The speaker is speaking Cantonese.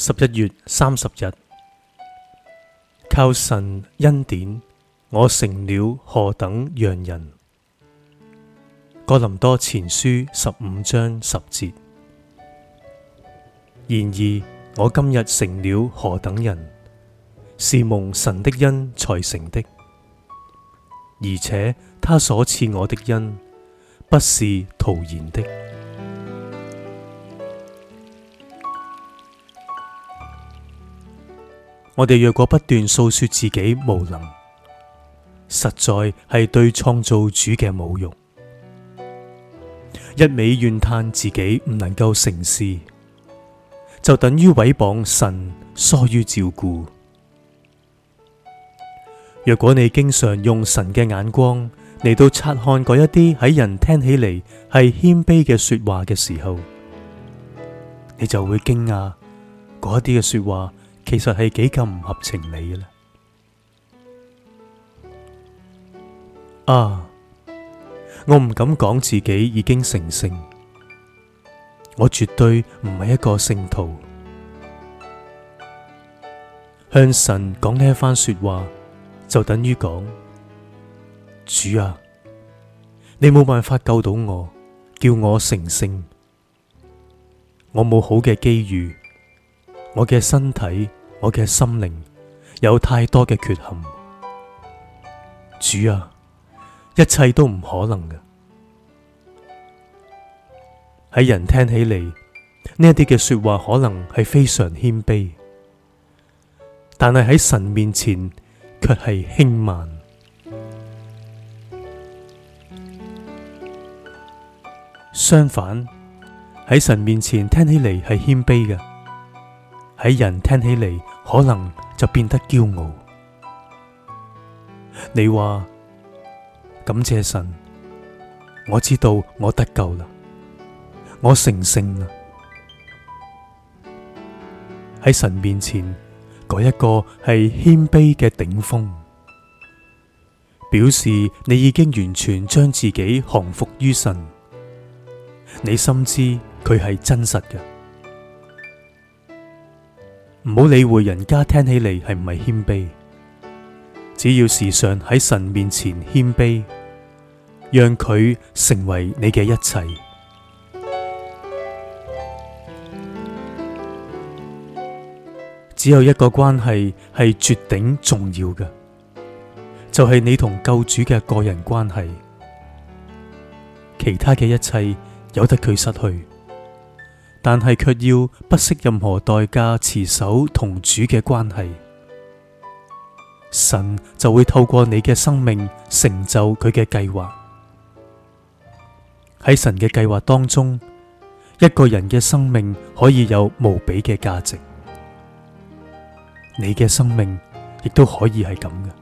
十一月三十日，靠神恩典，我成了何等樣人？哥林多前書十五章十節。然而我今日成了何等人，是蒙神的恩才成的，而且他所賜我的恩不是徒然的。我哋若果不斷訴說自己無能，實在係對創造主嘅侮辱。一味怨嘆自己唔能夠成事，就等於毀謗神疏於照顧。若果你經常用神嘅眼光嚟到察看嗰一啲喺人聽起嚟係謙卑嘅說話嘅時候，你就會驚訝嗰啲嘅說話。其實係幾咁唔合情理嘅呢？啊，我唔敢講自己已經成聖，我絕對唔係一個聖徒。向神講呢一番說話，就等於講：主啊，你冇辦法救到我，叫我成聖。我冇好嘅機遇，我嘅身體。我嘅心靈有太多嘅缺陷，主啊，一切都唔可能嘅。喺人聽起嚟，呢一啲嘅說話可能係非常謙卑，但係喺神面前卻係輕慢。相反，喺神面前聽起嚟係謙卑嘅。喺人聽起嚟，可能就變得驕傲。你話感謝神，我知道我得救啦，我成聖啦。喺神面前，嗰一個係謙卑嘅頂峰，表示你已經完全將自己降服於神，你深知佢係真實嘅。唔好理會人家聽起嚟係唔係謙卑，只要時常喺神面前謙卑，讓佢成為你嘅一切。 只有一個關係係絕頂重要嘅，就係、是、你同救主嘅個人關係，其他嘅一切由得佢失去。但係卻要不惜任何代價持守同主嘅關係，神就會透過你嘅生命成就佢嘅計劃。喺神嘅計劃當中，一個人嘅生命可以有無比嘅價值，你嘅生命亦都可以係咁嘅。